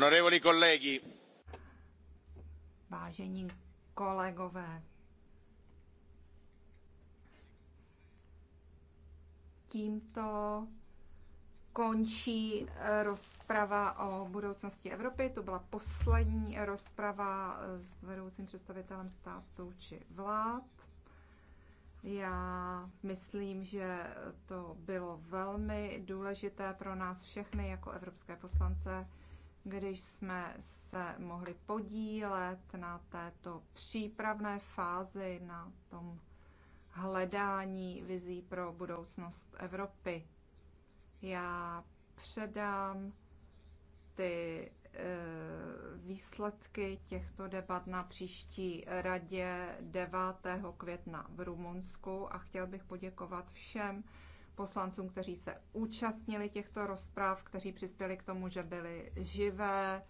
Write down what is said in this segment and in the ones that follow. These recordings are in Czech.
onorevoli colleghi vážení kolegové tímto končí eh, rozprava o budoucnosti Evropy. To byla poslední rozprava s vedoucím představitelem států či vlád. Já myslím, že to bylo velmi důležité pro nás všechny jako evropské poslance, když jsme se mohli podílet na této přípravné fázi, na tom hledání vizí pro budoucnost Evropy. Já předám ty Eh, výsledky těchto debat na příští radě 9. května v Rumunsku a chtěl bych poděkovat všem poslancům, kteří se účastnili těchto rozpráv, kteří přispěli k tomu, že byly živé,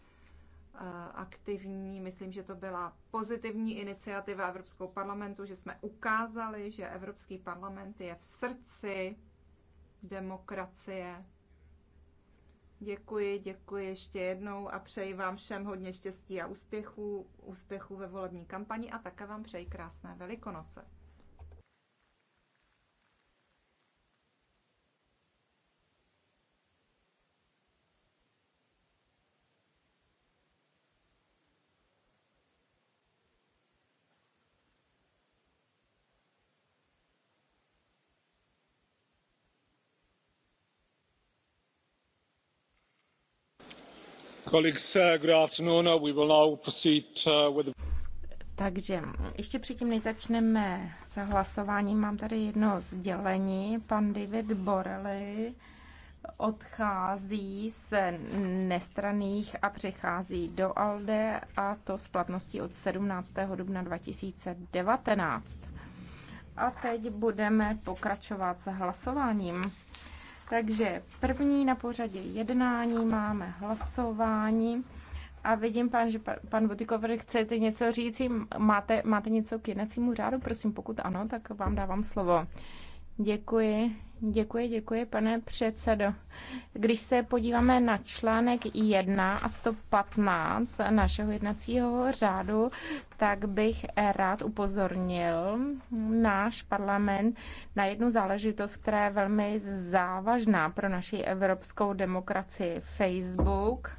eh, aktivní. Myslím, že to byla pozitivní iniciativa Evropského parlamentu, že jsme ukázali, že Evropský parlament je v srdci demokracie Děkuji, děkuji ještě jednou a přeji vám všem hodně štěstí a úspěchů, úspěchů ve volební kampani a také vám přeji krásné Velikonoce. Uh, uh, uh, Takže ještě předtím, než začneme s hlasováním, mám tady jedno sdělení. Pan David Borelli odchází z nestraných a přechází do ALDE a to s platností od 17. dubna 2019. A teď budeme pokračovat s hlasováním. Takže první na pořadě jednání máme hlasování a vidím, pan, že pan, pan Butikover, chcete něco říct? Máte, máte něco k jednacímu řádu? Prosím, pokud ano, tak vám dávám slovo. Děkuji, děkuji, děkuji, pane předsedo. Když se podíváme na článek 1 a 115 našeho jednacího řádu, tak bych rád upozornil náš parlament na jednu záležitost, která je velmi závažná pro naši evropskou demokracii. Facebook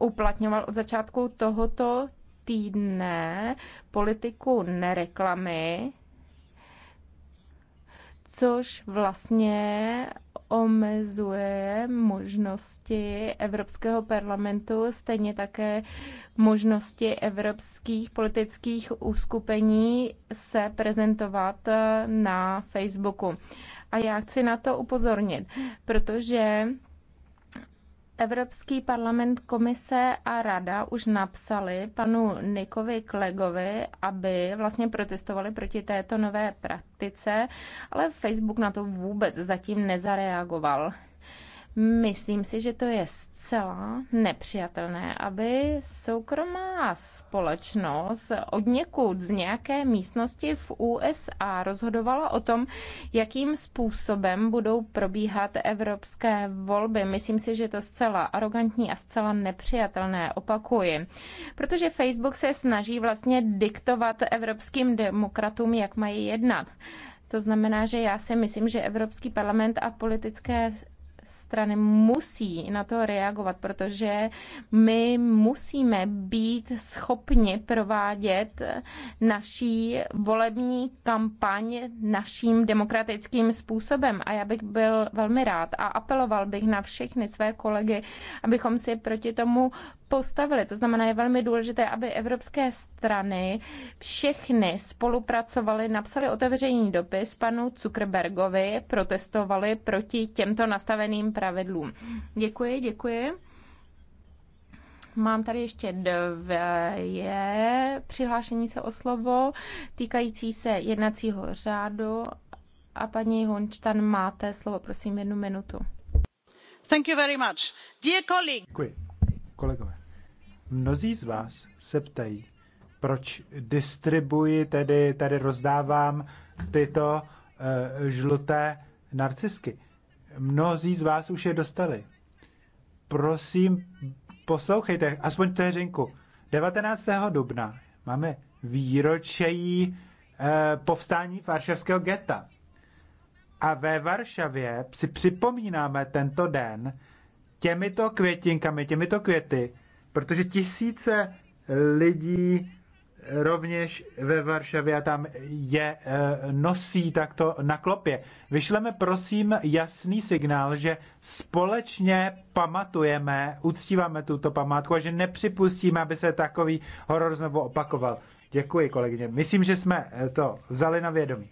uplatňoval od začátku tohoto týdne politiku nereklamy, což vlastně omezuje možnosti Evropského parlamentu, stejně také možnosti evropských politických uskupení se prezentovat eh, na Facebooku. A já chci na to upozornit, protože Evropský parlament, komise a rada už napsali panu Nikovi Klegovi, aby vlastně protestovali proti této nové praktice, ale Facebook na to vůbec zatím nezareagoval. Myslím si, že to je zcela nepřijatelné, aby soukromá společnost od někud z nějaké místnosti v USA rozhodovala o tom, jakým způsobem budou probíhat evropské volby. Myslím si, že to zcela arrogantní a zcela nepřijatelné, opakuji. Protože Facebook se snaží vlastně diktovat evropským demokratům, jak mají jednat. To znamená, že já si myslím, že Evropský parlament a politické strany musí na to reagovat, protože my musíme být schopni provádět naší volební kampaň naším demokratickým způsobem. A já bych byl velmi rád a apeloval bych na všechny své kolegy, abychom si proti tomu postavili. To znamená, je velmi důležité, aby evropské strany všechny spolupracovaly, napsali otevřený dopis panu Zuckerbergovi, protestovali proti těmto nastaveným pravidlům. Děkuji, děkuji. Mám tady ještě dvě přihlášení se o slovo týkající se jednacího řádu. A paní Hončtan, máte slovo, prosím, jednu minutu. Thank you very much. Dear colleague. Děkuji, kolegové. Mnozí z vás se ptají, proč distribuji, tedy tady rozdávám tyto uh, žluté narcisky. Mnozí z vás už je dostali. Prosím, poslouchejte, aspoň vteřinku. 19. dubna máme výročejí e, eh, povstání varšavského geta. A ve Varšavě si připomínáme tento den těmito květinkami, těmito květy, protože tisíce lidí rovněž ve Varšavě a tam je e, nosí takto na klopě. Vyšleme prosím jasný signál, že společně pamatujeme, uctíváme tuto památku a že nepřipustíme, aby se takový horor znovu opakoval. Děkuji, kolegyně. Myslím, že jsme e, to vzali na vědomí.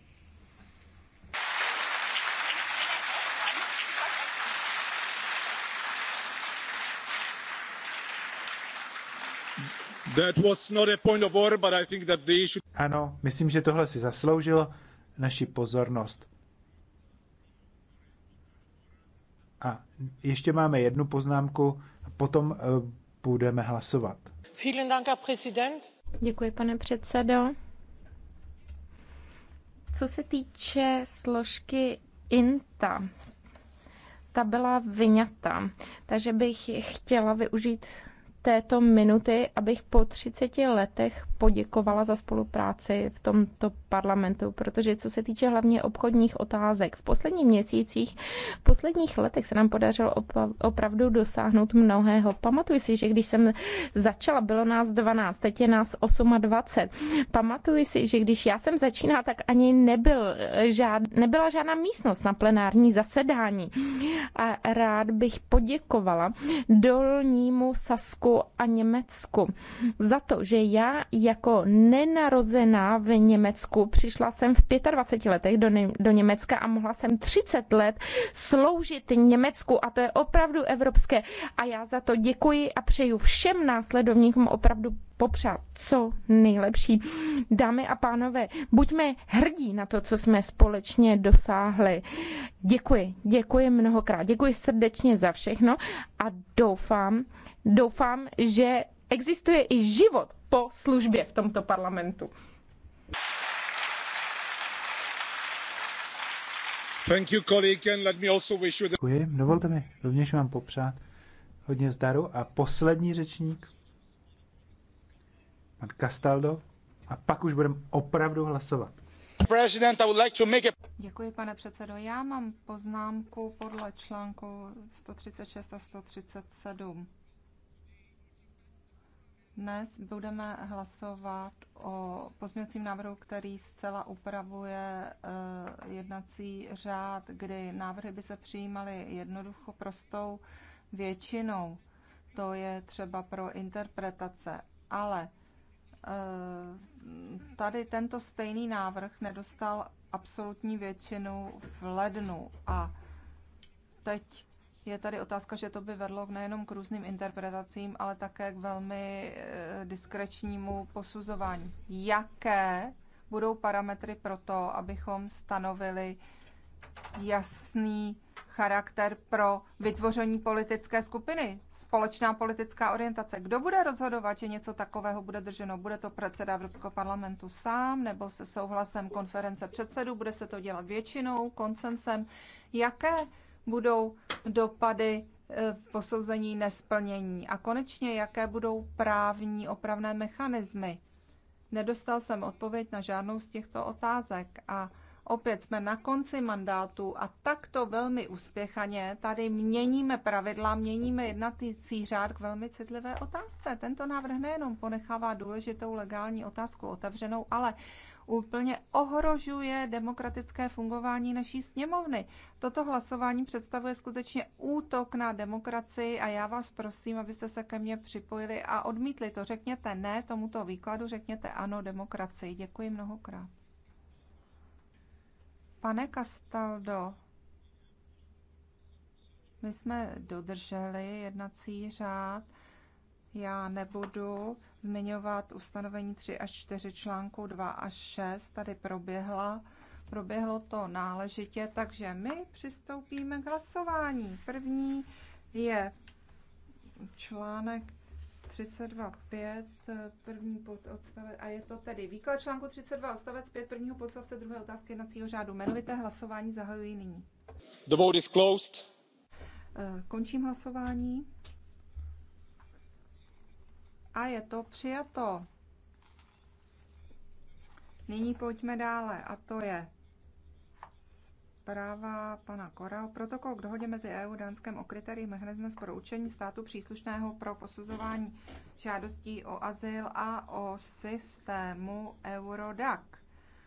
Ano, myslím, že tohle si zasloužilo naši pozornost. A ještě máme jednu poznámku, a potom eh, budeme hlasovat. Děkuji, pane předsedo. Co se týče složky INTA, ta byla vyňata, takže bych chtěla využít této minuty, abych po 30 letech poděkovala za spolupráci v tomto parlamentu, protože co se týče hlavně obchodních otázek, v posledních měsících, v posledních letech se nám podařilo opravdu dosáhnout mnohého. Pamatuji si, že když jsem začala, bylo nás 12, teď je nás 28. Pamatuji si, že když já jsem začínala, tak ani nebyl žád, nebyla žádná místnost na plenární zasedání. A rád bych poděkovala dolnímu Sasku a Německu za to, že já jako nenarozená v Německu přišla jsem v 25 letech do, do Německa a mohla jsem 30 let sloužit Německu a to je opravdu evropské a já za to děkuji a přeju všem následovníkům opravdu popřát co nejlepší. Dámy a pánové, buďme hrdí na to, co jsme společně dosáhli. Děkuji, děkuji mnohokrát, děkuji srdečně za všechno a doufám, doufám, že existuje i život po službě v tomto parlamentu. Thank you, let me also wish you Děkuji. Dovolte mi rovněž vám popřát hodně zdaru. A poslední řečník, pan Castaldo, a pak už budeme opravdu hlasovat. Děkuji, pane předsedo. Já mám poznámku podle článku 136 a 137. Dnes budeme hlasovat o pozměňovacím návrhu, který zcela upravuje eh, jednací řád, kdy návrhy by se přijímaly jednoducho prostou většinou. To je třeba pro interpretace. Ale eh, tady tento stejný návrh nedostal absolutní většinu v lednu a teď je tady otázka, že to by vedlo nejenom k různým interpretacím, ale také k velmi eh, diskrečnímu posuzování. Jaké budou parametry pro to, abychom stanovili jasný charakter pro vytvoření politické skupiny, společná politická orientace. Kdo bude rozhodovat, že něco takového bude drženo? Bude to předseda Evropského parlamentu sám nebo se souhlasem konference předsedů? Bude se to dělat většinou, konsensem? Jaké budou dopady eh, v posouzení nesplnění a konečně, jaké budou právní opravné mechanismy. Nedostal jsem odpověď na žádnou z těchto otázek a opět jsme na konci mandátu a takto velmi uspěchaně tady měníme pravidla, měníme jednatý řád k velmi citlivé otázce. Tento návrh nejenom ponechává důležitou legální otázku otevřenou, ale úplně ohrožuje demokratické fungování naší sněmovny. Toto hlasování představuje skutečně útok na demokracii a já vás prosím, abyste se ke mně připojili a odmítli to. Řekněte ne tomuto výkladu, řekněte ano demokracii. Děkuji mnohokrát. Pane Castaldo, my jsme dodrželi jednací řád já nebudu zmiňovat ustanovení 3 až 4 článku 2 až 6. Tady proběhla, proběhlo to náležitě, takže my přistoupíme k hlasování. První je článek 32.5, první pododstavec, a je to tedy výklad článku 32 odstavec 5 prvního podstavce druhé otázky jednacího řádu. Jmenovité hlasování zahajuji nyní. The vote is closed. Eh, končím hlasování a je to přijato. Nyní pojďme dále a to je zpráva pana Koral. Protokol k dohodě mezi EU a Dánskem o kritériích mechanismus pro učení státu příslušného pro posuzování žádostí o azyl a o systému Eurodac.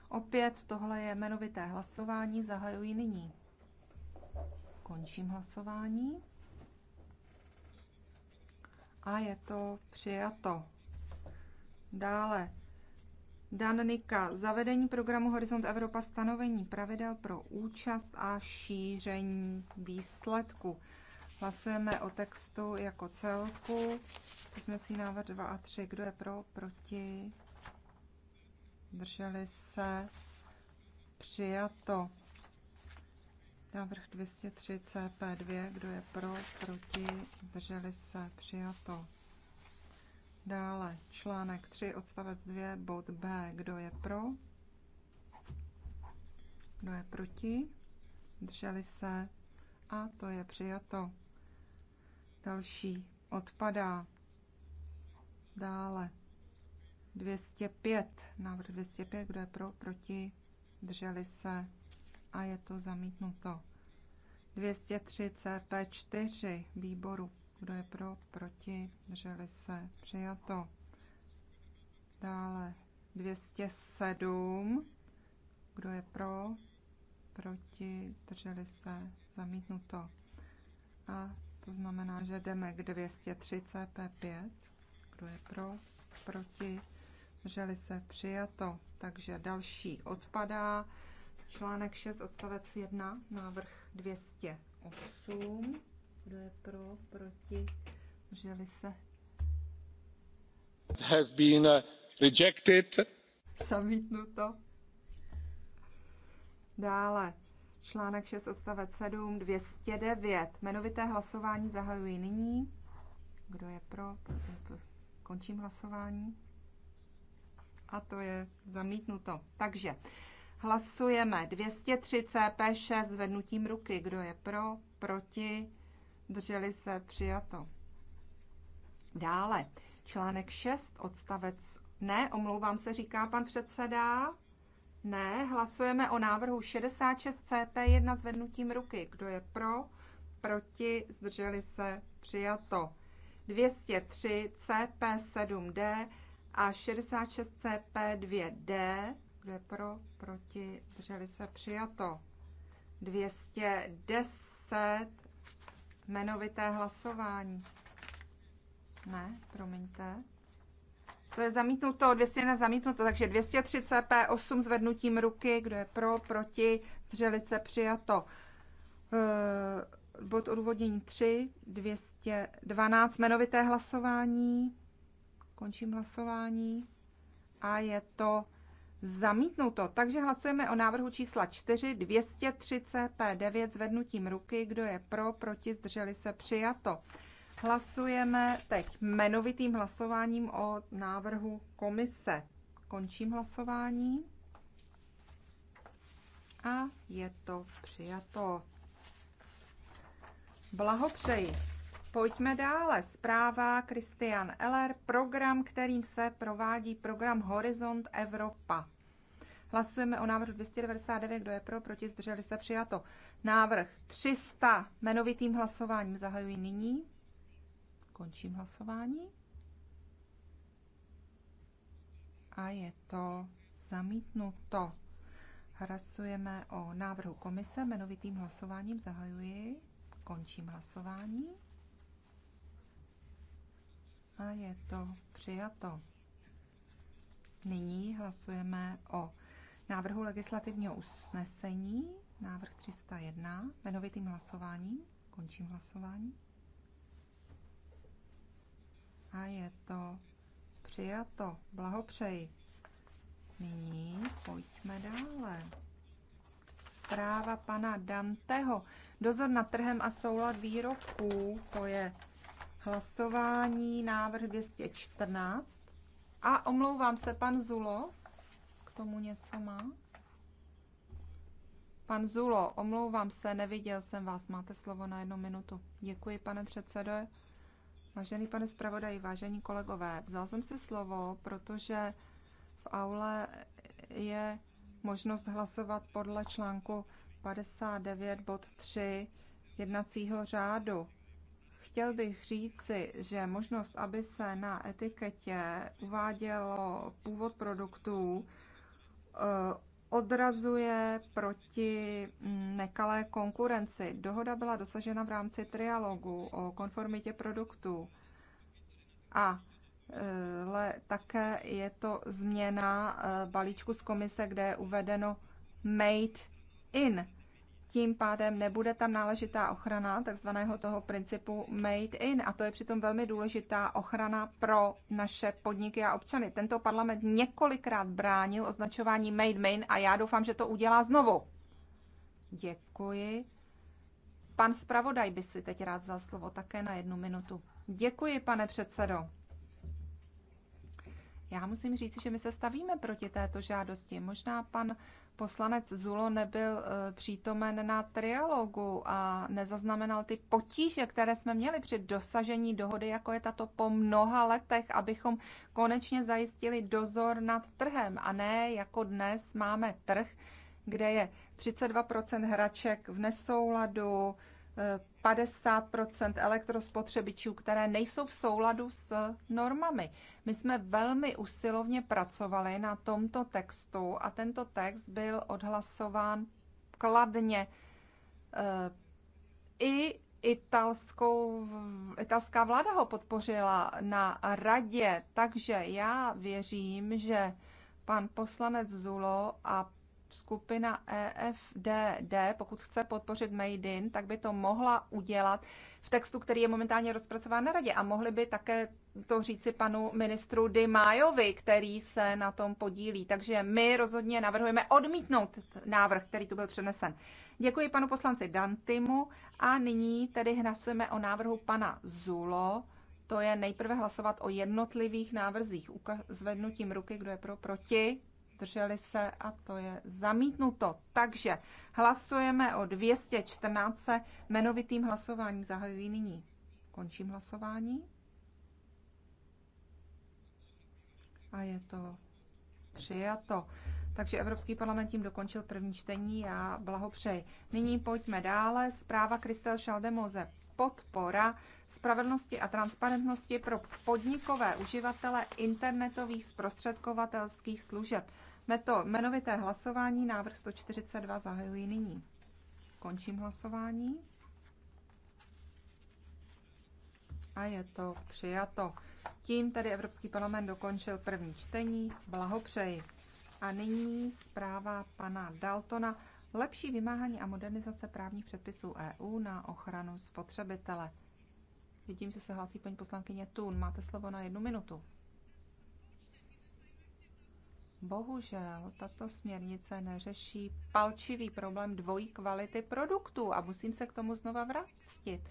Opět tohle je jmenovité hlasování, zahajuji nyní. Končím hlasování a je to přijato. Dále Dan Nika, zavedení programu Horizont Evropa, stanovení pravidel pro účast a šíření výsledku. Hlasujeme o textu jako celku. Pozměcí návrh 2 a 3. Kdo je pro, proti? Drželi se. Přijato. Návrh 203 CP2, kdo je pro, proti, zdrželi se, přijato. Dále článek 3 odstavec 2 bod B, kdo je pro, kdo je proti, zdrželi se a to je přijato. Další odpadá. Dále 205, návrh 205, kdo je pro, proti, drželi se a je to zamítnuto. 203 CP4 výboru. Kdo je pro, proti, drželi se, přijato. Dále 207. Kdo je pro, proti, zdrželi se, zamítnuto. A to znamená, že jdeme k 203 CP5. Kdo je pro, proti, zdrželi se, přijato. Takže další odpadá. Článek 6, odstavec 1, návrh 208. Kdo je pro, proti, drželi se? It has been uh, rejected. Zamítnuto. Dále. Článek 6, odstavec 7, 209. Jmenovité hlasování zahajuji nyní. Kdo je pro? Končím hlasování. A to je zamítnuto. Takže Hlasujeme 203 CP6 zvednutím ruky. Kdo je pro, proti, drželi se, přijato. Dále, článek 6, odstavec... Ne, omlouvám se, říká pan předseda. Ne, hlasujeme o návrhu 66 CP1 zvednutím ruky. Kdo je pro, proti, zdrželi se, přijato. 203 CP7D a 66 CP2D kdo pro? Proti? Zdrželi se? Přijato. 210. Jmenovité hlasování. Ne, promiňte. To je zamítnuto, 200 je zamítnuto, takže 203 CP8 zvednutím ruky, kdo je pro, proti, zdrželi se, přijato. E, bod odvodnění 3, 212 jmenovité hlasování, končím hlasování a je to Zamítnuto. Takže hlasujeme o návrhu čísla 4, 230 P9 zvednutím ruky. Kdo je pro, proti, zdrželi se, přijato. Hlasujeme teď jmenovitým hlasováním o návrhu komise. Končím hlasování. A je to přijato. Blahopřeji. Pojďme dále. Zpráva Christian Eller, program, kterým se provádí program Horizont Evropa. Hlasujeme o návrhu 299, kdo je pro, proti, zdrželi se, přijato. Návrh 300 jmenovitým hlasováním zahajuji nyní. Končím hlasování. A je to zamítnuto. Hlasujeme o návrhu komise jmenovitým hlasováním zahajuji. Končím hlasování. A je to přijato. Nyní hlasujeme o návrhu legislativního usnesení, návrh 301, jmenovitým hlasováním. Končím hlasování. A je to přijato. Blahopřeji. Nyní pojďme dále. Zpráva pana Danteho. Dozor nad trhem a soulad výrobků. To je hlasování návrh 214. A omlouvám se, pan Zulo tomu něco má? Pan Zulo, omlouvám se, neviděl jsem vás. Máte slovo na jednu minutu. Děkuji, pane předsedo. Vážený pane zpravodaji, vážení kolegové, vzal jsem si slovo, protože v aule je možnost hlasovat podle článku 59 bod 3 jednacího řádu. Chtěl bych říci, že možnost, aby se na etiketě uvádělo původ produktů, Eh, odrazuje proti mm, nekalé konkurenci. Dohoda byla dosažena v rámci trialogu o konformitě produktů a ale eh, také je to změna eh, balíčku z komise, kde je uvedeno made in tím pádem nebude tam náležitá ochrana takzvaného toho principu made in a to je přitom velmi důležitá ochrana pro naše podniky a občany. Tento parlament několikrát bránil označování made in a já doufám, že to udělá znovu. Děkuji. Pan zpravodaj by si teď rád vzal slovo také na jednu minutu. Děkuji, pane předsedo. Já musím říct, že my se stavíme proti této žádosti. Možná pan poslanec Zulo nebyl e, přítomen na trialogu a nezaznamenal ty potíže, které jsme měli při dosažení dohody, jako je tato po mnoha letech, abychom konečně zajistili dozor nad trhem a ne jako dnes máme trh, kde je 32% hraček v nesouladu, 50 elektrospotřebičů, které nejsou v souladu s normami. My jsme velmi usilovně pracovali na tomto textu a tento text byl odhlasován kladně eh, i italskou, italská vláda ho podpořila na radě, takže já věřím, že pan poslanec Zulo a skupina EFDD, pokud chce podpořit Made in, tak by to mohla udělat v textu, který je momentálně rozpracován na radě. A mohli by také to říci panu ministru Dimájovi, který se na tom podílí. Takže my rozhodně navrhujeme odmítnout návrh, který tu byl přenesen. Děkuji panu poslanci Dantimu a nyní tedy hlasujeme o návrhu pana Zulo. To je nejprve hlasovat o jednotlivých návrzích zvednutím ruky, kdo je pro, proti, zdrželi se a to je zamítnuto. Takže hlasujeme o 214 jmenovitým hlasováním. Zahajuji nyní. Končím hlasování. A je to přijato. Takže Evropský parlament tím dokončil první čtení a blahopřeji. Nyní pojďme dále. Zpráva Kristel Šaldemoze podpora spravedlnosti a transparentnosti pro podnikové uživatele internetových zprostředkovatelských služeb. Meto jmenovité hlasování, návrh 142 zahajuji nyní. Končím hlasování. A je to přijato. Tím tedy Evropský parlament dokončil první čtení. Blahopřeji. A nyní zpráva pana Daltona lepší vymáhání a modernizace právních předpisů EU na ochranu spotřebitele. Vidím, že se hlásí paní poslankyně Tun. Máte slovo na jednu minutu. Bohužel tato směrnice neřeší palčivý problém dvojí kvality produktů a musím se k tomu znova vrátit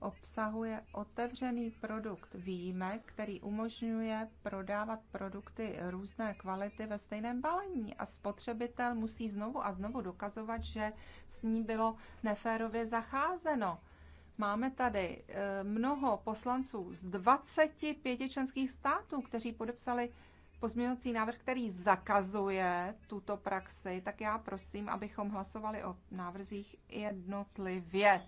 obsahuje otevřený produkt výjimek, který umožňuje prodávat produkty různé kvality ve stejném balení a spotřebitel musí znovu a znovu dokazovat, že s ní bylo neférově zacházeno. Máme tady eh, mnoho poslanců z 25 členských států, kteří podepsali pozměňovací návrh, který zakazuje tuto praxi, tak já prosím, abychom hlasovali o návrzích jednotlivě.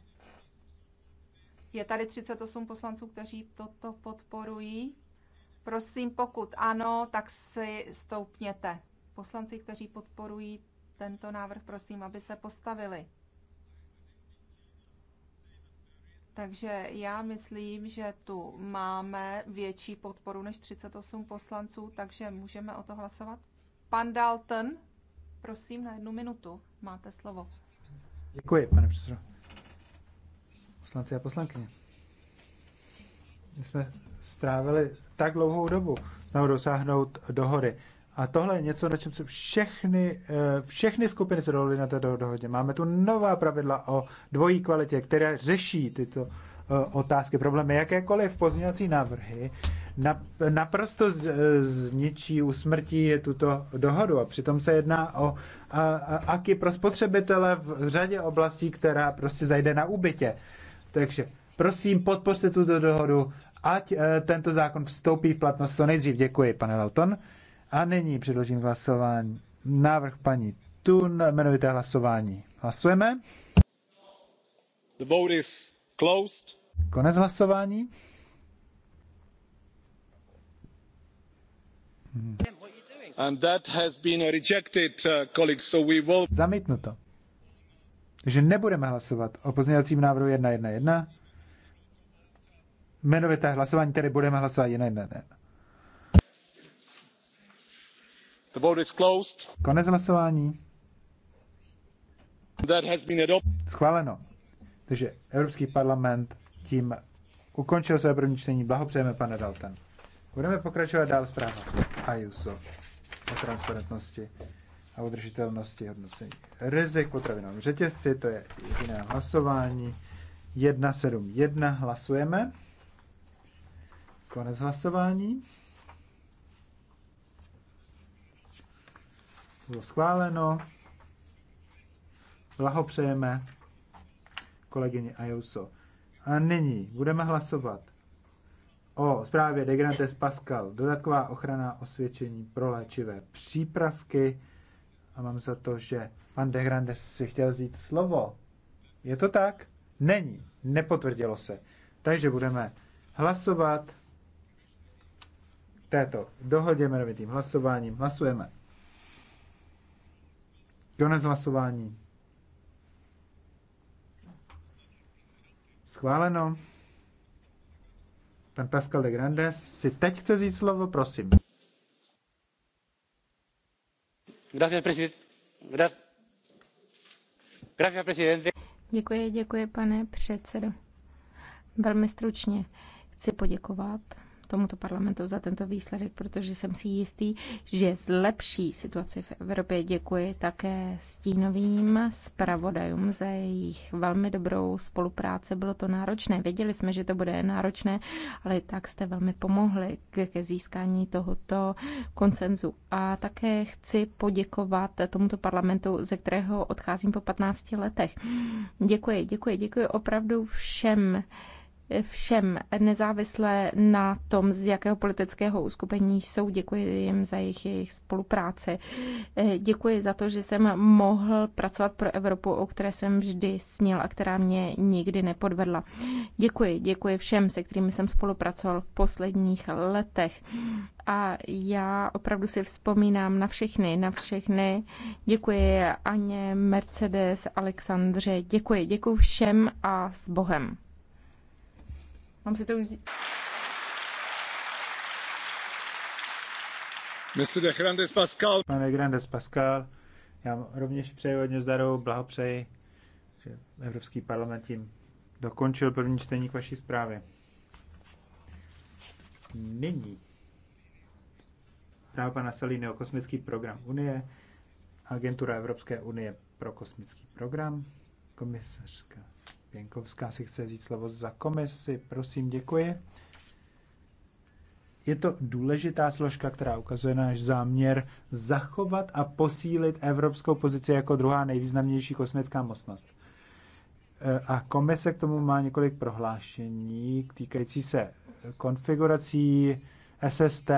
Je tady 38 poslanců, kteří toto podporují. Prosím, pokud ano, tak si stoupněte. Poslanci, kteří podporují tento návrh, prosím, aby se postavili. Takže já myslím, že tu máme větší podporu než 38 poslanců, takže můžeme o to hlasovat. Pan Dalton, prosím, na jednu minutu máte slovo. Děkuji, pane předsedo poslanci a poslankyně. My jsme strávili tak dlouhou dobu na dosáhnout dohody. A tohle je něco, na čem se všechny, eh, všechny skupiny zrodily na té dohodě. Máme tu nová pravidla o dvojí kvalitě, které řeší tyto eh, otázky, problémy. Jakékoliv pozměňovací návrhy naprosto zničí, usmrtí tuto dohodu. A přitom se jedná o aky pro spotřebitele v řadě oblastí, která prostě zajde na úbytě. Takže prosím, podpořte tuto dohodu, ať eh, tento zákon vstoupí v platnost co nejdřív. Děkuji, pane Dalton. A nyní předložím hlasování. Návrh paní Tun, jmenovité hlasování. Hlasujeme. The vote is closed. Konec hlasování. And that has been rejected, uh, colleagues, so we will... Zamítnuto. Takže nebudeme hlasovat o pozměňovacím návrhu 1.1.1. Jmenovité hlasování tedy budeme hlasovat 1.1.1. The vote is closed. Konec hlasování. That has been adopted. Schváleno. Takže Evropský parlament tím ukončil své první čtení. Blahopřejeme, pane Dalton. Budeme pokračovat dál zpráva Ajuso o transparentnosti a udržitelnosti hodnocení rizik potravinovém řetězci, to je jediné hlasování. 171 hlasujeme. Konec hlasování. Bylo schváleno. Blahopřejeme kolegyni Ajuso. A nyní budeme hlasovat o zprávě Degrantes Pascal, dodatková ochrana osvědčení pro léčivé přípravky. A mám za to, že pan de Grande si chtěl vzít slovo. Je to tak? Není. Nepotvrdilo se. Takže budeme hlasovat této dohodě jmenovitým hlasováním. Hlasujeme. Konec hlasování. Schváleno. Pan Pascal de Grandes si teď chce vzít slovo, prosím. Děkuji, děkuji, pane předsedo. Velmi stručně chci poděkovat tomuto parlamentu za tento výsledek, protože jsem si jistý, že zlepší situaci v Evropě. Děkuji také stínovým zpravodajům za jejich velmi dobrou spolupráci. Bylo to náročné. Věděli jsme, že to bude náročné, ale tak jste velmi pomohli ke získání tohoto koncenzu. A také chci poděkovat tomuto parlamentu, ze kterého odcházím po 15 letech. Děkuji, děkuji, děkuji opravdu všem všem, nezávisle na tom, z jakého politického uskupení jsou. Děkuji jim za jejich, jejich spolupráci. Děkuji za to, že jsem mohl pracovat pro Evropu, o které jsem vždy snil a která mě nikdy nepodvedla. Děkuji, děkuji všem, se kterými jsem spolupracoval v posledních letech. A já opravdu si vzpomínám na všechny, na všechny. Děkuji Aně, Mercedes, Alexandře, děkuji, děkuji všem a s Bohem. Mám si to už vzít? Mr. De Grandes Pascal. Pane Grandes Pascal, já rovněž přeji hodně zdarou, blahopřeji, že Evropský parlament tím dokončil první čtení k vaší zprávě. Nyní zpráva pana Saliny o kosmický program Unie, agentura Evropské unie pro kosmický program, komisařka Pěnkovská si chce říct slovo za komisi. Prosím, děkuji. Je to důležitá složka, která ukazuje náš záměr zachovat a posílit evropskou pozici jako druhá nejvýznamnější kosmická mocnost. Eh, a komise k tomu má několik prohlášení týkající se konfigurací SST,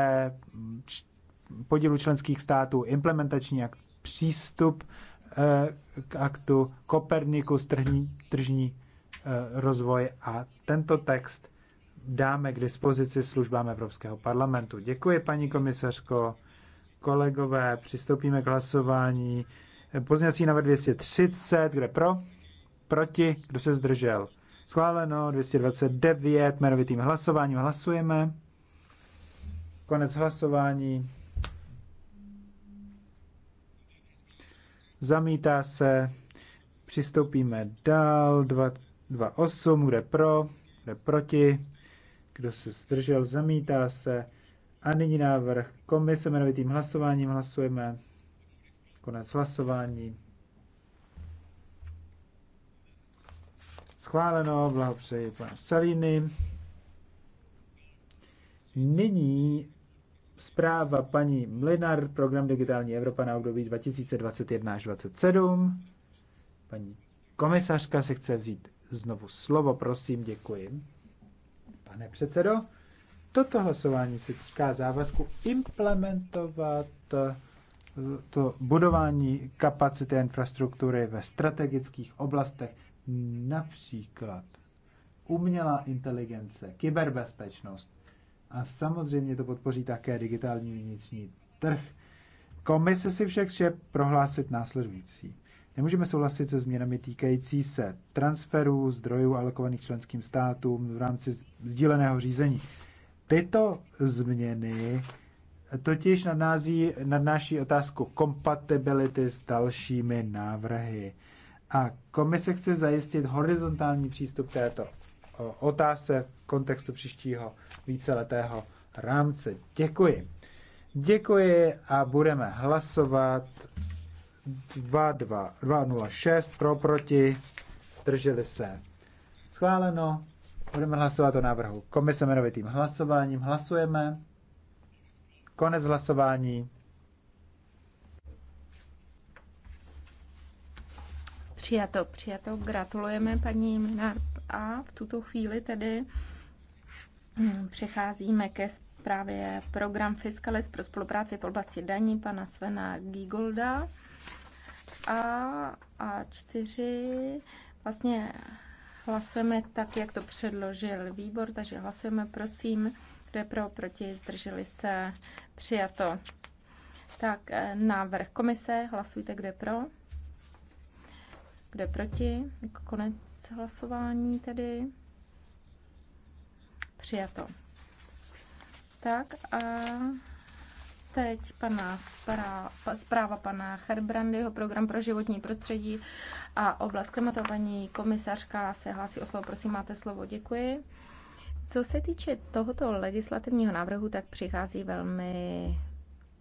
podílu členských států, implementační akt, přístup eh, k aktu, Kopernikus tržní, tržní Eh, rozvoj a tento text dáme k dispozici službám Evropského parlamentu. Děkuji, paní komisařko. Kolegové, přistoupíme k hlasování. Pozněcí na 230, kde pro? Proti, kdo se zdržel? Schváleno 229, jmenovitým hlasováním hlasujeme. Konec hlasování. Zamítá se. Přistoupíme dál. 2.8, kde pro, kde proti, kdo se zdržel, zamítá se. A nyní návrh komise jmenovitým hlasováním hlasujeme. Konec hlasování. Schváleno, blahopřeji pana Saliny. Nyní zpráva paní Mlinar, program Digitální Evropa na období 2021 až 2027. Paní komisařka se chce vzít znovu slovo, prosím, děkuji. Pane předsedo, toto hlasování se týká závazku implementovat eh, to budování kapacity infrastruktury ve strategických oblastech, například umělá inteligence, kyberbezpečnost a samozřejmě to podpoří také digitální vnitřní trh. Komise si však vše prohlásit následující. Nemůžeme souhlasit se změnami týkající se transferů zdrojů alokovaných členským státům v rámci sdíleného řízení. Tyto změny totiž nadnází, nadnáší otázku kompatibility s dalšími návrhy. A komise chce zajistit horizontální přístup této otázce v kontextu příštího víceletého rámce. Děkuji. Děkuji a budeme hlasovat 206 pro, proti, drželi se. Schváleno. Budeme hlasovat o návrhu komise jmenovitým hlasováním. Hlasujeme. Konec hlasování. Přijato, přijato. Gratulujeme paní Minard. A v tuto chvíli tedy hm, přecházíme ke právě program Fiskalis pro spolupráci v oblasti daní pana Svena Gigolda. A a 4 vlastně hlasujeme tak, jak to předložil výbor, takže hlasujeme prosím, kdo je pro, proti, zdrželi se, přijato. Tak e, návrh komise, hlasujte, kdo je pro, kdo je proti, jako konec hlasování tedy, přijato. Tak a teď pana zpráva, zpráva pana Herbrandyho, program pro životní prostředí a oblast klimatu. Paní komisařka se hlásí o slovo, prosím, máte slovo, děkuji. Co se týče tohoto legislativního návrhu, tak přichází velmi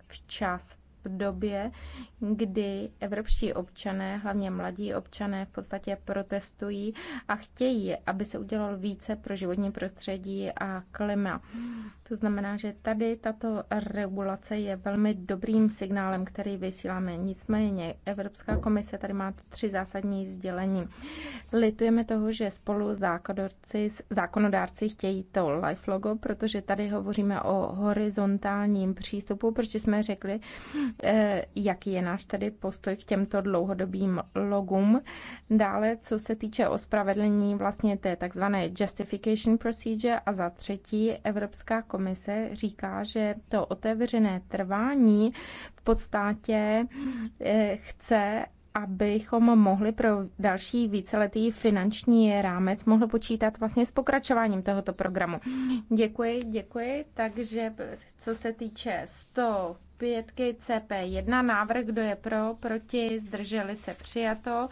včas v době, kdy evropští občané, hlavně mladí občané, v podstatě protestují a chtějí, aby se udělalo více pro životní prostředí a klima. To znamená, že tady tato regulace je velmi dobrým signálem, který vysíláme. Nicméně Evropská komise tady má tři zásadní sdělení. Litujeme toho, že spolu zákonodárci, zákonodárci chtějí to life logo, protože tady hovoříme o horizontálním přístupu, protože jsme řekli, eh, jaký je náš tedy postoj k těmto dlouhodobým logům. Dále, co se týče ospravedlnění vlastně té takzvané justification procedure a za třetí Evropská komise komise říká, že to otevřené trvání v podstatě eh, chce abychom mohli pro další víceletý finanční rámec mohli počítat vlastně s pokračováním tohoto programu. Děkuji, děkuji. Takže co se týče 105 CP1, návrh, kdo je pro, proti, zdrželi se přijato.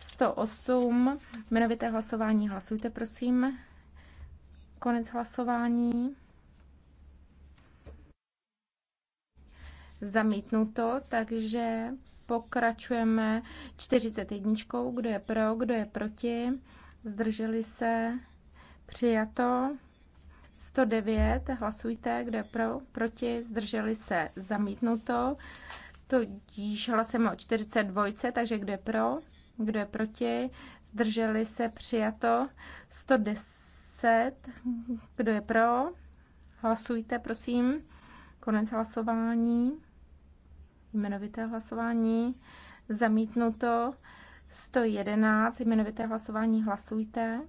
108, jmenovité hlasování, hlasujte prosím. Konec hlasování. zamítnuto, takže pokračujeme 41. Kdo je pro, kdo je proti? Zdrželi se? Přijato. 109. Hlasujte, kdo je pro, proti? Zdrželi se? Zamítnuto. Tudíž hlasujeme o 42, takže kdo je pro, kdo je proti? Zdrželi se? Přijato. 110. Kdo je pro? Hlasujte, prosím. Konec hlasování jmenovité hlasování, zamítnuto 111, jmenovité hlasování, hlasujte.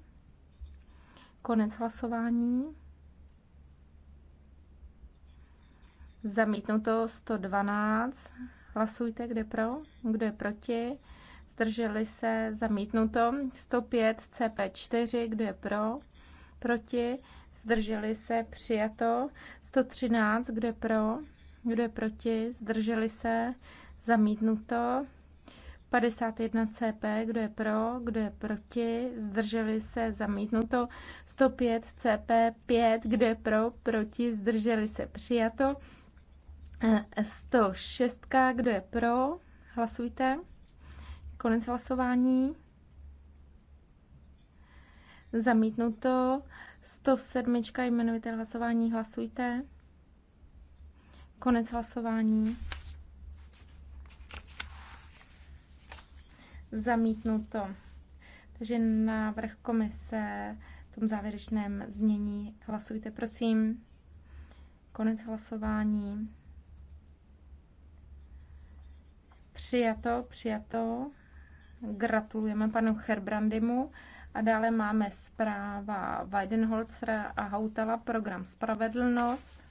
Konec hlasování. Zamítnuto 112, hlasujte, kde pro, kde proti. Zdrželi se, zamítnuto 105, CP4, kdo je pro, proti. Zdrželi se, přijato 113, kde pro, kdo je proti? Zdrželi se? Zamítnuto. 51 CP, kdo je pro, kdo je proti, zdrželi se, zamítnuto. 105 CP, 5, kdo je pro, proti, zdrželi se, přijato. 106, e, kdo je pro, hlasujte. Konec hlasování. Zamítnuto. 107 Jmenujte hlasování, hlasujte. Konec hlasování. Zamítnuto. Takže návrh komise v tom závěrečném znění hlasujte, prosím. Konec hlasování. Přijato, přijato. Gratulujeme panu Herbrandimu. A dále máme zpráva Weidenholzera a Hautala, program Spravedlnost.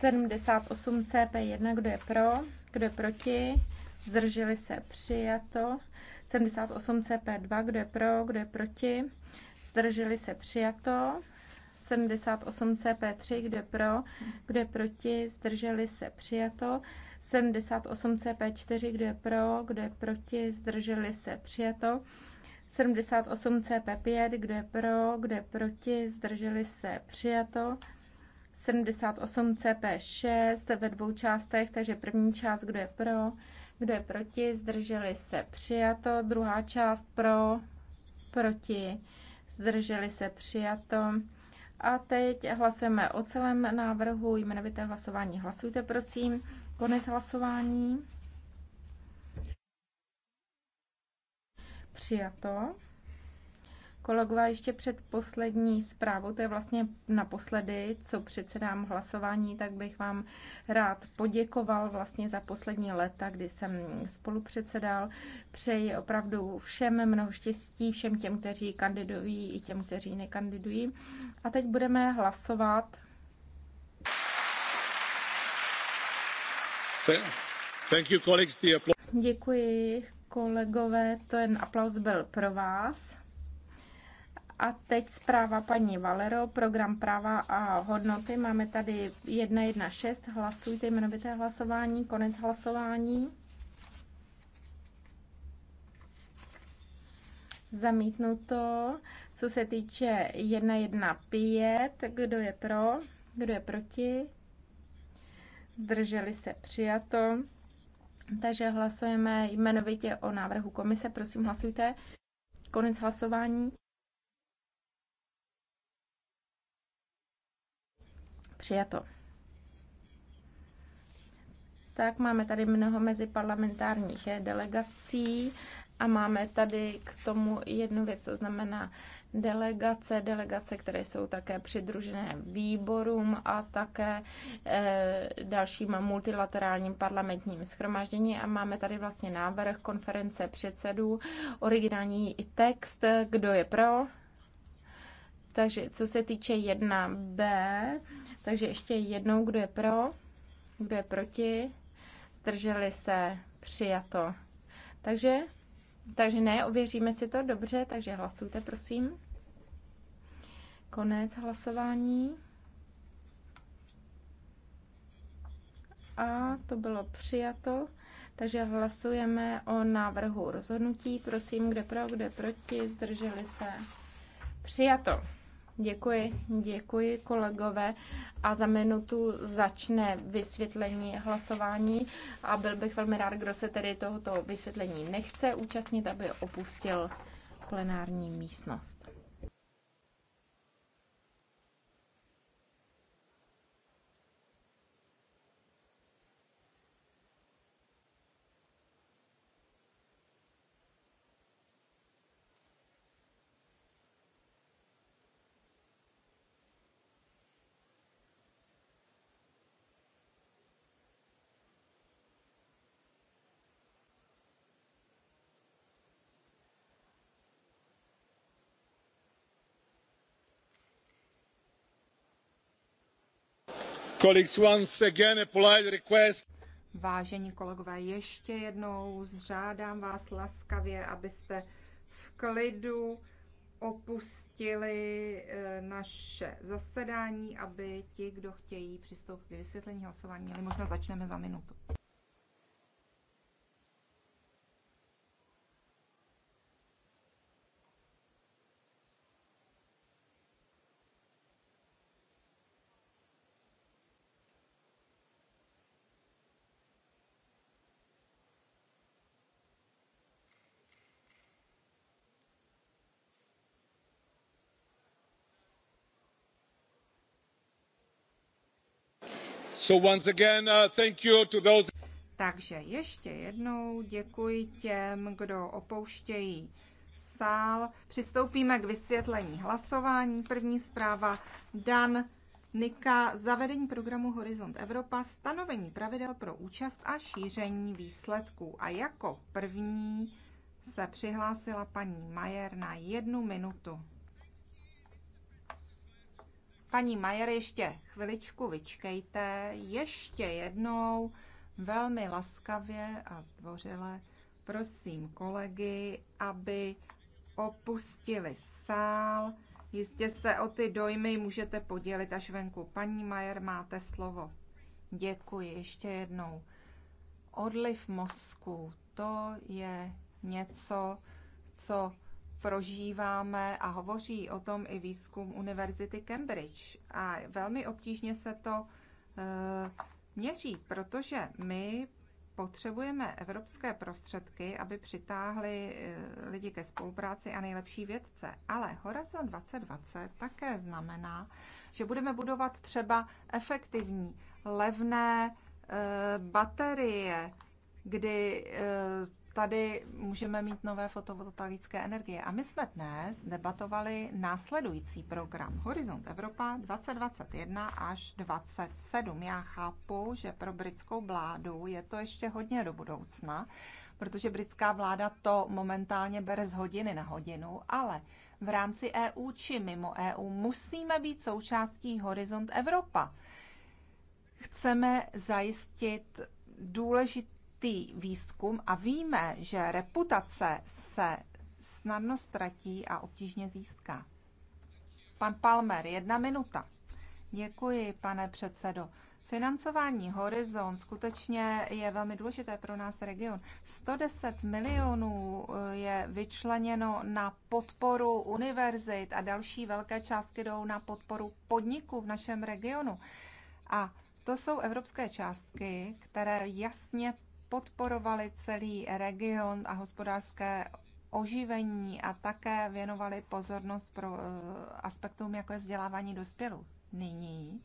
78 CP1, kdo je pro, kdo je proti, zdrželi se přijato. 78 CP2, kdo je pro, kdo je proti, zdrželi se přijato. 78 CP3, kdo je pro, kdo je proti, zdrželi se přijato. 78 CP4, kdo je pro, kdo je proti, zdrželi se přijato. 78 CP5, kdo je pro, kdo je proti, zdrželi se přijato. 78 CP6 ve dvou částech, takže první část, kdo je pro, kdo je proti, zdrželi se přijato, druhá část pro, proti, zdrželi se přijato. A teď hlasujeme o celém návrhu, jmenovité hlasování. Hlasujte, prosím. Konec hlasování. Přijato. Kolegové, ještě před poslední zprávou, to je vlastně naposledy, co předsedám hlasování, tak bych vám rád poděkoval vlastně za poslední léta, kdy jsem spolupředsedal. Přeji opravdu všem mnoho štěstí, všem těm, kteří kandidují i těm, kteří nekandidují. A teď budeme hlasovat. Thank you, colleagues. Děkuji, kolegové, ten aplaus byl pro vás. A teď zpráva paní Valero, program práva a hodnoty. Máme tady 116, hlasujte jmenovité hlasování, konec hlasování. Zamítnuto. Co se týče 115, kdo je pro, kdo je proti? Zdrželi se přijato. Takže hlasujeme jmenovitě o návrhu komise. Prosím, hlasujte. Konec hlasování. Přijato. Tak máme tady mnoho meziparlamentárních delegací a máme tady k tomu jednu věc, co znamená delegace, delegace, které jsou také přidružené výborům a také e, dalším multilaterálním parlamentním schromáždění a máme tady vlastně návrh konference předsedů, originální text, kdo je pro, takže co se týče 1b, takže ještě jednou, kdo je pro, kdo je proti, zdrželi se, přijato. Takže, takže ne, ověříme si to, dobře, takže hlasujte, prosím. Konec hlasování. A to bylo přijato. Takže hlasujeme o návrhu rozhodnutí. Prosím, kde pro, kde proti, zdrželi se. Přijato. Děkuji, děkuji kolegové a za minutu začne vysvětlení hlasování a byl bych velmi rád, kdo se tedy tohoto vysvětlení nechce účastnit, aby opustil plenární místnost. Vážení kolegové, ještě jednou zřádám vás laskavě, abyste v klidu opustili eh, naše zasedání, aby ti, kdo chtějí přistoupit k vysvětlení hlasování, měli možnost začneme za minutu. Uh, Takže ještě jednou děkuji těm, kdo opouštějí sál. Přistoupíme k vysvětlení hlasování. První zpráva Dan Nika, zavedení programu Horizont Evropa, stanovení pravidel pro účast a šíření výsledků. A jako první se přihlásila paní Majer na jednu minutu. Paní Majer, ještě chviličku vyčkejte, ještě jednou velmi laskavě a zdvořile prosím kolegy, aby opustili sál. Jistě se o ty dojmy můžete podělit až venku. Paní Majer, máte slovo. Děkuji ještě jednou. Odliv mozku, to je něco, co prožíváme a hovoří o tom i výzkum Univerzity Cambridge. A velmi obtížně se to eh, měří, protože my potřebujeme evropské prostředky, aby přitáhli eh, lidi ke spolupráci a nejlepší vědce. Ale Horizon 2020 také znamená, že budeme budovat třeba efektivní, levné eh, baterie, kdy tady můžeme mít nové fotovoltaické energie. A my jsme dnes debatovali následující program Horizont Evropa 2021 až 2027. Já chápu, že pro britskou vládu je to ještě hodně do budoucna, protože britská vláda to momentálně bere z hodiny na hodinu, ale v rámci EU či mimo EU musíme být součástí Horizont Evropa. Chceme zajistit důležitý jistý výzkum a víme, že reputace se snadno ztratí a obtížně získá. Pan Palmer, jedna minuta. Děkuji, pane předsedo. Financování Horizon skutečně je velmi důležité pro nás region. 110 milionů eh, je vyčleněno na podporu univerzit a další velké částky jdou na podporu podniků v našem regionu. A to jsou evropské částky, které jasně podporovali celý region a hospodářské oživení a také věnovali pozornost pro eh, aspektům, jako je vzdělávání dospělů. Nyní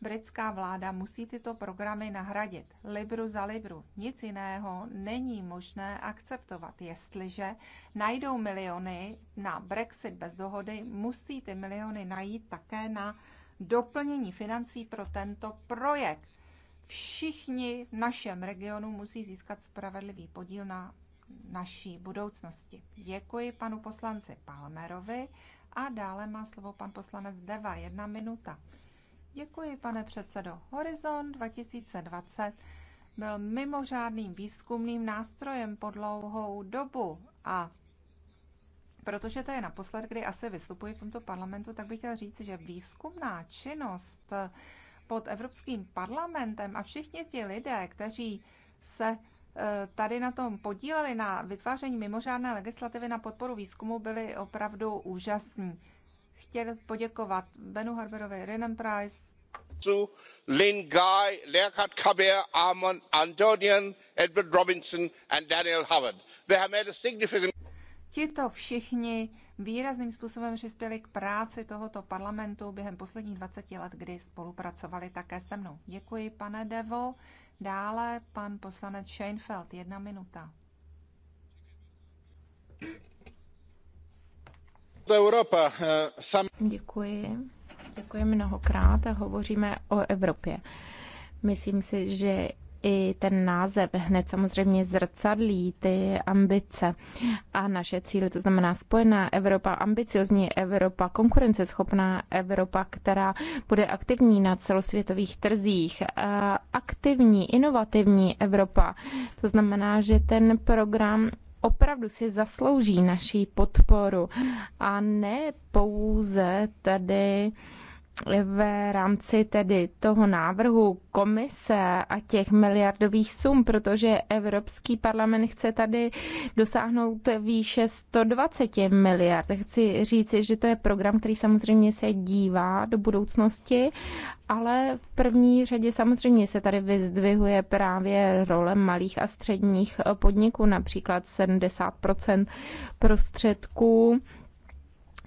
britská vláda musí tyto programy nahradit libru za libru. Nic jiného není možné akceptovat. Jestliže najdou miliony na Brexit bez dohody, musí ty miliony najít také na doplnění financí pro tento projekt. Všichni v našem regionu musí získat spravedlivý podíl na naší budoucnosti. Děkuji panu poslanci Palmerovi a dále má slovo pan poslanec Deva. Jedna minuta. Děkuji, pane předsedo. Horizon 2020 byl mimořádným výzkumným nástrojem po dlouhou dobu a protože to je naposled, kdy asi vystupuji v tomto parlamentu, tak bych chtěl říct, že výzkumná činnost pod Evropským parlamentem a všichni ti lidé, kteří se e, tady na tom podíleli na vytváření mimořádné legislativy na podporu výzkumu, byli opravdu úžasní. Chtěl poděkovat Benu Harberovi, Renan Price, Su, Lin Guy, Leonhard Kabir, Armand Antonian, Edward Robinson and Daniel Howard. They have made a significant Tito všichni výrazným způsobem přispěli k práci tohoto parlamentu během posledních 20 let, kdy spolupracovali také se mnou. Děkuji, pane Devo. Dále pan poslanec Scheinfeld, jedna minuta. Evropa eh, sam... Děkuji. Děkuji mnohokrát a hovoříme o Evropě. Myslím si, že i ten název hned samozřejmě zrcadlí ty ambice a naše cíle, to znamená spojená Evropa, ambiciozní Evropa, konkurenceschopná Evropa, která bude aktivní na celosvětových trzích, aktivní, inovativní Evropa. To znamená, že ten program opravdu si zaslouží naší podporu a ne pouze tady v rámci tedy toho návrhu komise a těch miliardových sum, protože Evropský parlament chce tady dosáhnout výše 120 miliard. Chci říci, že to je program, který samozřejmě se dívá do budoucnosti, ale v první řadě samozřejmě se tady vyzdvihuje právě role malých a středních podniků, například 70 prostředků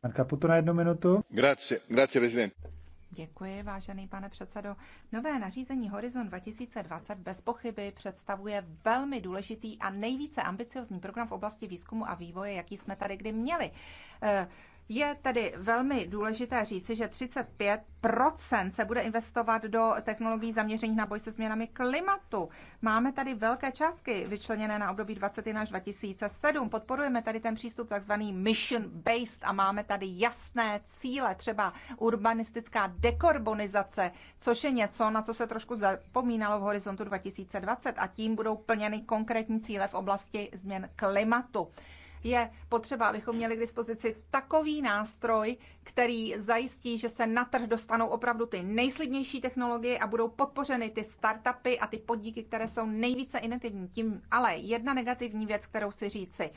Pan Kaputo na jednu minutu. Grazie, grazie, prezident. Děkuji, vážený pane předsedo. Nové nařízení Horizon 2020 bez pochyby představuje velmi důležitý a nejvíce ambiciozní program v oblasti výzkumu a vývoje, jaký jsme tady kdy měli. Eh, je tedy velmi důležité říci, že 35 se bude investovat do technologií zaměřených na boj se změnami klimatu. Máme tady velké částky vyčleněné na období 2021 až 2007. Podporujeme tady ten přístup takzvaný mission-based a máme tady jasné cíle, třeba urbanistická dekarbonizace, což je něco, na co se trošku zapomínalo v horizontu 2020 a tím budou plněny konkrétní cíle v oblasti změn klimatu. Je potřeba, abychom měli k dispozici takový nástroj, který zajistí, že se na trh dostanou opravdu ty nejslibnější technologie a budou podpořeny ty startupy a ty podniky, které jsou nejvíce inovativní. Tím ale jedna negativní věc, kterou si říci.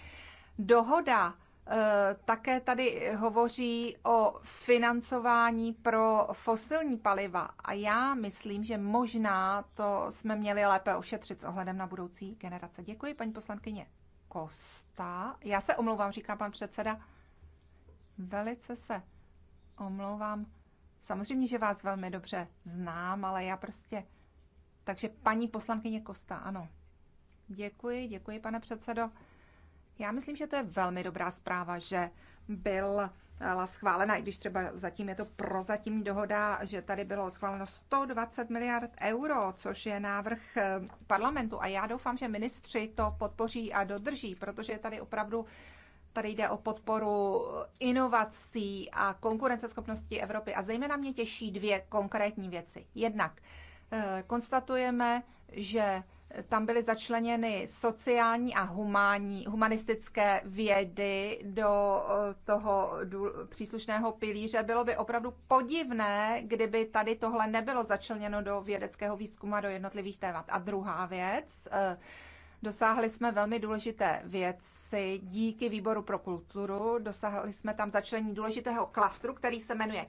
Dohoda eh, také tady hovoří o financování pro fosilní paliva a já myslím, že možná to jsme měli lépe ošetřit s ohledem na budoucí generace. Děkuji, paní poslankyně Kosta. Já se omlouvám, říká pan předseda. Velice se omlouvám. Samozřejmě, že vás velmi dobře znám, ale já prostě... Takže paní poslankyně Kosta, ano. Děkuji, děkuji, pane předsedo. Já myslím, že to je velmi dobrá zpráva, že byl byla schválena, i když třeba zatím je to prozatímní dohoda, že tady bylo schváleno 120 miliard euro, což je návrh eh, parlamentu a já doufám, že ministři to podpoří a dodrží, protože tady opravdu Tady jde o podporu inovací a konkurenceschopnosti Evropy a zejména mě těší dvě konkrétní věci. Jednak eh, konstatujeme, že tam byly začleněny sociální a humání, humanistické vědy do eh, toho příslušného pilíře. Bylo by opravdu podivné, kdyby tady tohle nebylo začleněno do vědeckého výzkumu a do jednotlivých témat. A druhá věc, eh, Dosáhli jsme velmi důležité věci díky výboru pro kulturu. Dosáhli jsme tam začlení důležitého klastru, který se jmenuje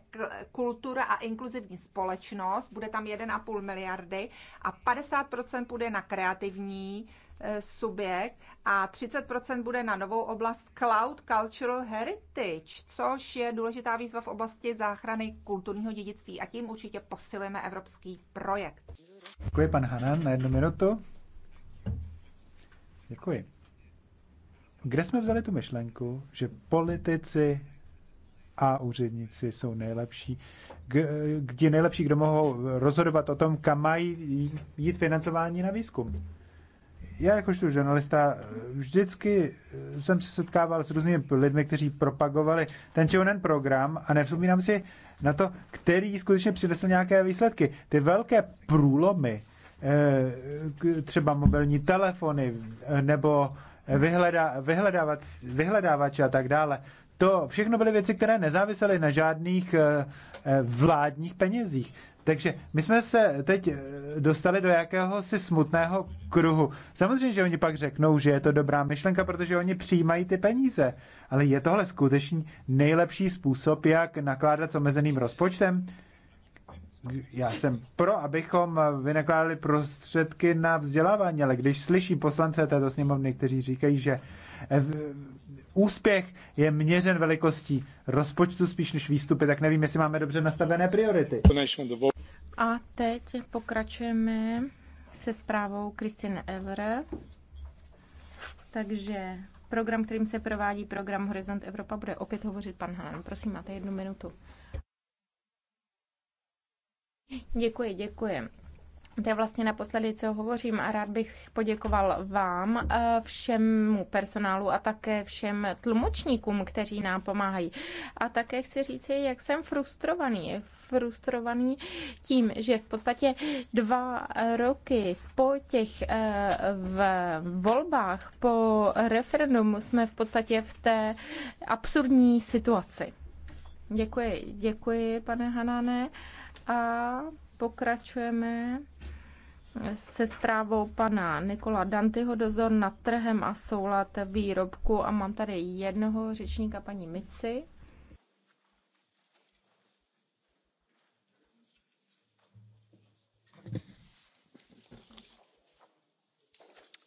Kultura a inkluzivní společnost. Bude tam 1,5 miliardy a 50% bude na kreativní e, subjekt a 30% bude na novou oblast Cloud Cultural Heritage, což je důležitá výzva v oblasti záchrany kulturního dědictví a tím určitě posilujeme evropský projekt. Děkuji pan Hanan na jednu minutu. Děkuji. Kde jsme vzali tu myšlenku, že politici a úředníci jsou nejlepší, kdy nejlepší, kdo mohou rozhodovat o tom, kam mají jít financování na výzkum. Já jakožto žurnalista vždycky jsem se setkával s různými lidmi, kteří propagovali ten či onen program a nevzpomínám si na to, který skutečně přinesl nějaké výsledky. Ty velké průlomy Eh, třeba mobilní telefony eh, nebo vyhledá, vyhledávače a tak dále. To všechno byly věci, které nezávisely na žádných eh, vládních penězích. Takže my jsme se teď dostali do jakéhosi smutného kruhu. Samozřejmě, že oni pak řeknou, že je to dobrá myšlenka, protože oni přijímají ty peníze. Ale je tohle skutečně nejlepší způsob, jak nakládat s omezeným rozpočtem? já jsem pro, abychom vynakládali prostředky na vzdělávání, ale když slyším poslance této sněmovny, kteří říkají, že eh, úspěch je měřen velikostí rozpočtu spíš než výstupy, tak nevím, jestli máme dobře nastavené priority. A teď pokračujeme se zprávou Kristine Ever. Takže program, kterým se provádí program Horizont Evropa, bude opět hovořit pan Hanan. Prosím, máte jednu minutu. Děkuji, děkuji. To je vlastně naposledy, co hovořím a rád bych poděkoval vám, eh, všemu personálu a také všem tlumočníkům, kteří nám pomáhají. A také chci říct, jak jsem frustrovaný. Frustrovaný tím, že v podstatě dva roky po těch eh, v volbách, po referendumu jsme v podstatě v té absurdní situaci. Děkuji, děkuji, pane Hanane a pokračujeme se zprávou pana Nikola Dantyho dozor nad trhem a soulad výrobku a mám tady jednoho řečníka paní Mici.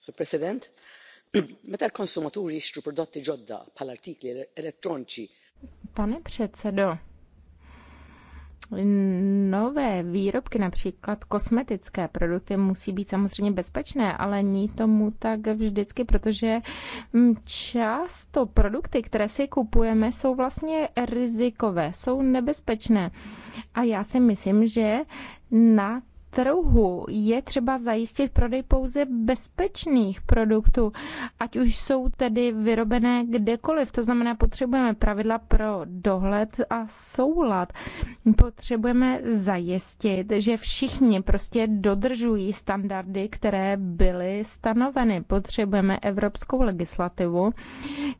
Mr. President, meta konsumaturi jixtru prodotti ġodda bħal artikli Pane předsedo, nové výrobky, například kosmetické produkty, musí být samozřejmě bezpečné, ale ní tomu tak vždycky, protože hm, často produkty, které si kupujeme, jsou vlastně rizikové, jsou nebezpečné. A já si myslím, že na trhu je třeba zajistit prodej pouze bezpečných produktů, ať už jsou tedy vyrobené kdekoliv. To znamená, potřebujeme pravidla pro dohled a soulad. Potřebujeme zajistit, že všichni prostě dodržují standardy, které byly stanoveny. Potřebujeme evropskou legislativu,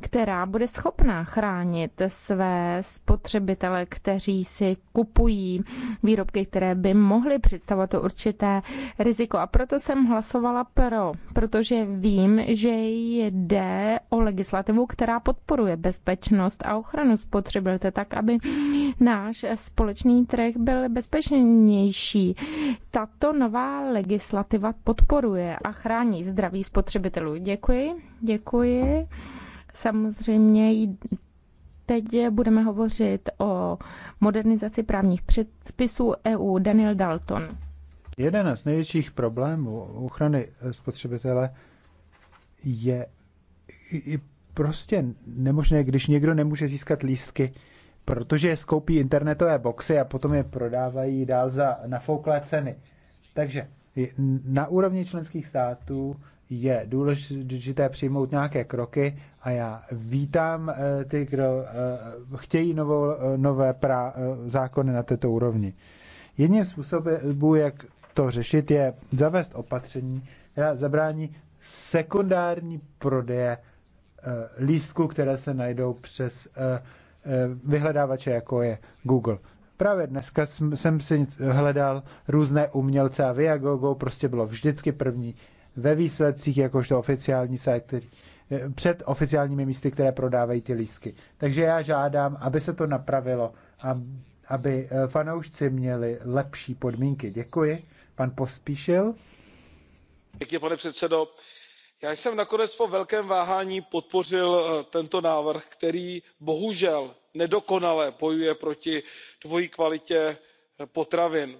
která bude schopná chránit své spotřebitele, kteří si kupují výrobky, které by mohly představovat určité riziko. A proto jsem hlasovala pro, protože vím, že jde o legislativu, která podporuje bezpečnost a ochranu spotřebitele, tak aby náš společný trh byl bezpečnější. Tato nová legislativa podporuje a chrání zdraví spotřebitelů. Děkuji, děkuji. Samozřejmě teď budeme hovořit o modernizaci právních předpisů EU Daniel Dalton. Jeden z největších problémů ochrany spotřebitele je prostě nemožné, když někdo nemůže získat lístky, protože skoupí internetové boxy a potom je prodávají dál za nafouklé ceny. Takže na úrovni členských států je důležité přijmout nějaké kroky a já vítám eh, ty, kdo eh, chtějí novou, eh, nové pra, zákony na této úrovni. Jedním způsobem, jak to řešit, je zavést opatření, která zabrání sekundární prodeje eh, lístku, které se najdou přes eh, eh, vyhledávače, jako je Google. Právě dneska jsem si hledal různé umělce a Viagogo prostě bylo vždycky první ve výsledcích, jakožto oficiální site, který, před oficiálními místy, které prodávají ty lístky. Takže já žádám, aby se to napravilo a aby fanoušci měli lepší podmínky. Děkuji. Pan Pospíšil. pane předsedající Já jsem nakonec po velkém váhání podpořil eh, tento návrh, který bohužel nedokonale bojuje proti dvojí kvalitě eh, potravin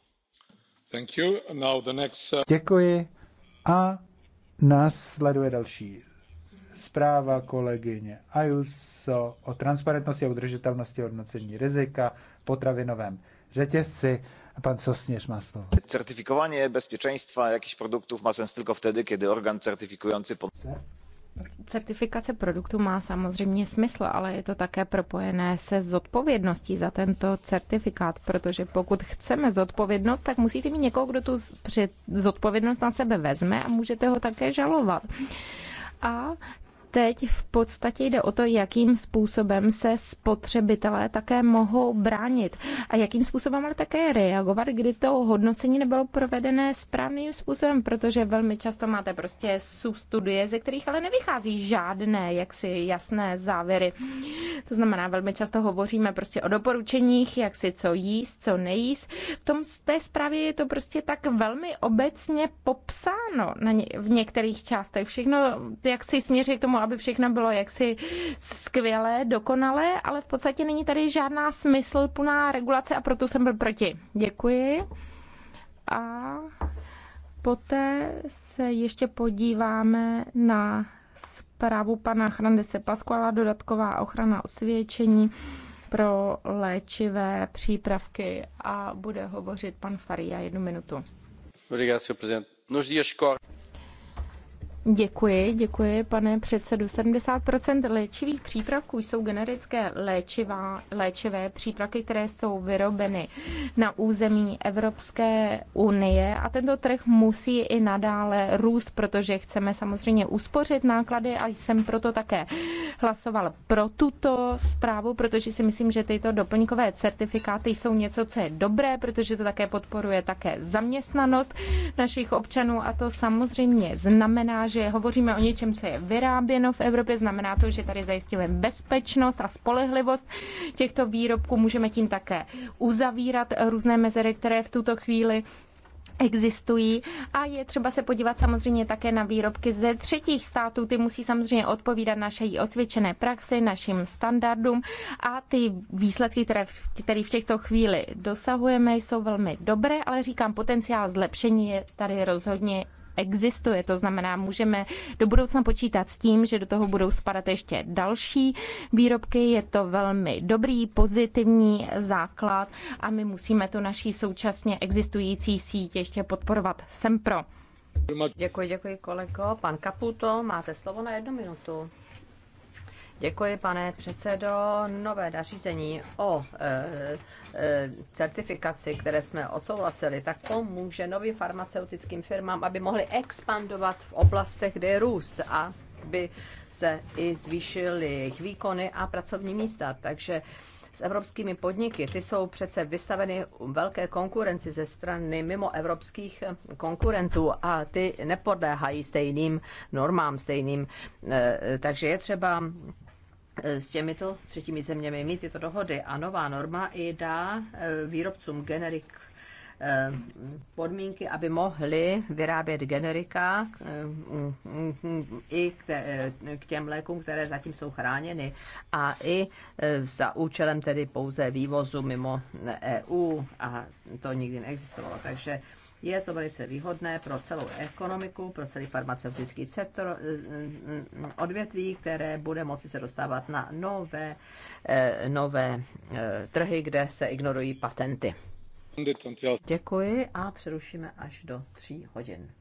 Uh, Děkuji. A následuje další zpráva kolegyně Ayuso o transparentnosti a udržitelnosti hodnocení rizika potravinovém řetězci. Pan Sosněř má slovo. Certifikování bezpečenstva jakichś produktů má sens tylko wtedy, kiedy organ certyfikujący... Certifikace produktu má samozřejmě smysl, ale je to také propojené se zodpovědností za tento certifikát, protože pokud chceme zodpovědnost, tak musíte mít někoho, kdo tu zodpovědnost na sebe vezme a můžete ho také žalovat. A Teď v podstatě jde o to, jakým způsobem se spotřebitelé také mohou bránit a jakým způsobem ale také reagovat, kdy to hodnocení nebylo provedené správným způsobem, protože velmi často máte prostě studie, ze kterých ale nevychází žádné jaksi jasné závěry. To znamená, velmi často hovoříme prostě o doporučeních, jak si co jíst, co nejíst. V tom z té zprávě je to prostě tak velmi obecně popsáno na ně, v některých částech. Všechno jak si směřuje k tomu, aby všechno bylo jaksi skvělé, dokonalé, ale v podstatě není tady žádná smysluplná regulace a proto jsem byl proti. Děkuji. A poté se ještě podíváme na zprávu pana Chrandese Pasquala, dodatková ochrana osvědčení pro léčivé přípravky a bude hovořit pan Faria jednu minutu. Děkuji, děkuji, pane předsedu. 70% léčivých přípravků jsou generické léčivá, léčivé přípravky, které jsou vyrobeny na území Evropské unie a tento trh musí i nadále růst, protože chceme samozřejmě uspořit náklady a jsem proto také hlasoval pro tuto zprávu, protože si myslím, že tyto doplňkové certifikáty jsou něco, co je dobré, protože to také podporuje také zaměstnanost našich občanů a to samozřejmě znamená, že hovoříme o něčem, co je vyráběno v Evropě, znamená to, že tady zajistíme bezpečnost a spolehlivost těchto výrobků. Můžeme tím také uzavírat různé mezery, které v tuto chvíli existují a je třeba se podívat samozřejmě také na výrobky ze třetích států. Ty musí samozřejmě odpovídat naší osvědčené praxi, našim standardům a ty výsledky, které v, které v těchto chvíli dosahujeme, jsou velmi dobré, ale říkám, potenciál zlepšení je tady rozhodně existuje. To znamená, můžeme do budoucna počítat s tím, že do toho budou spadat ještě další výrobky. Je to velmi dobrý, pozitivní základ a my musíme tu naší současně existující síť ještě podporovat. Jsem pro. Děkuji, děkuji kolego. Pan Kaputo, máte slovo na jednu minutu. Děkuji, pane předsedo. Nové nařízení o e, e, certifikaci, které jsme odsouhlasili, tak pomůže novým farmaceutickým firmám, aby mohly expandovat v oblastech, kde je růst a by se i zvýšily jejich výkony a pracovní místa. Takže s evropskými podniky. Ty jsou přece vystaveny velké konkurenci ze strany mimo evropských konkurentů a ty nepodléhají stejným normám, stejným. E, takže je třeba Eh, s těmito třetími zeměmi mít tyto dohody. A nová norma i dá eh, výrobcům generik eh, podmínky, aby mohli vyrábět generika i k těm lékům, které zatím jsou chráněny a i za účelem tedy pouze vývozu mimo EU a to nikdy neexistovalo. Takže je to velice výhodné pro celou ekonomiku, pro celý farmaceutický sektor, eh, mm, mm, odvětví, které bude moci se dostávat na nové, eh, nové eh, trhy, kde se ignorují patenty. Děkuji a přerušíme až do tří hodin.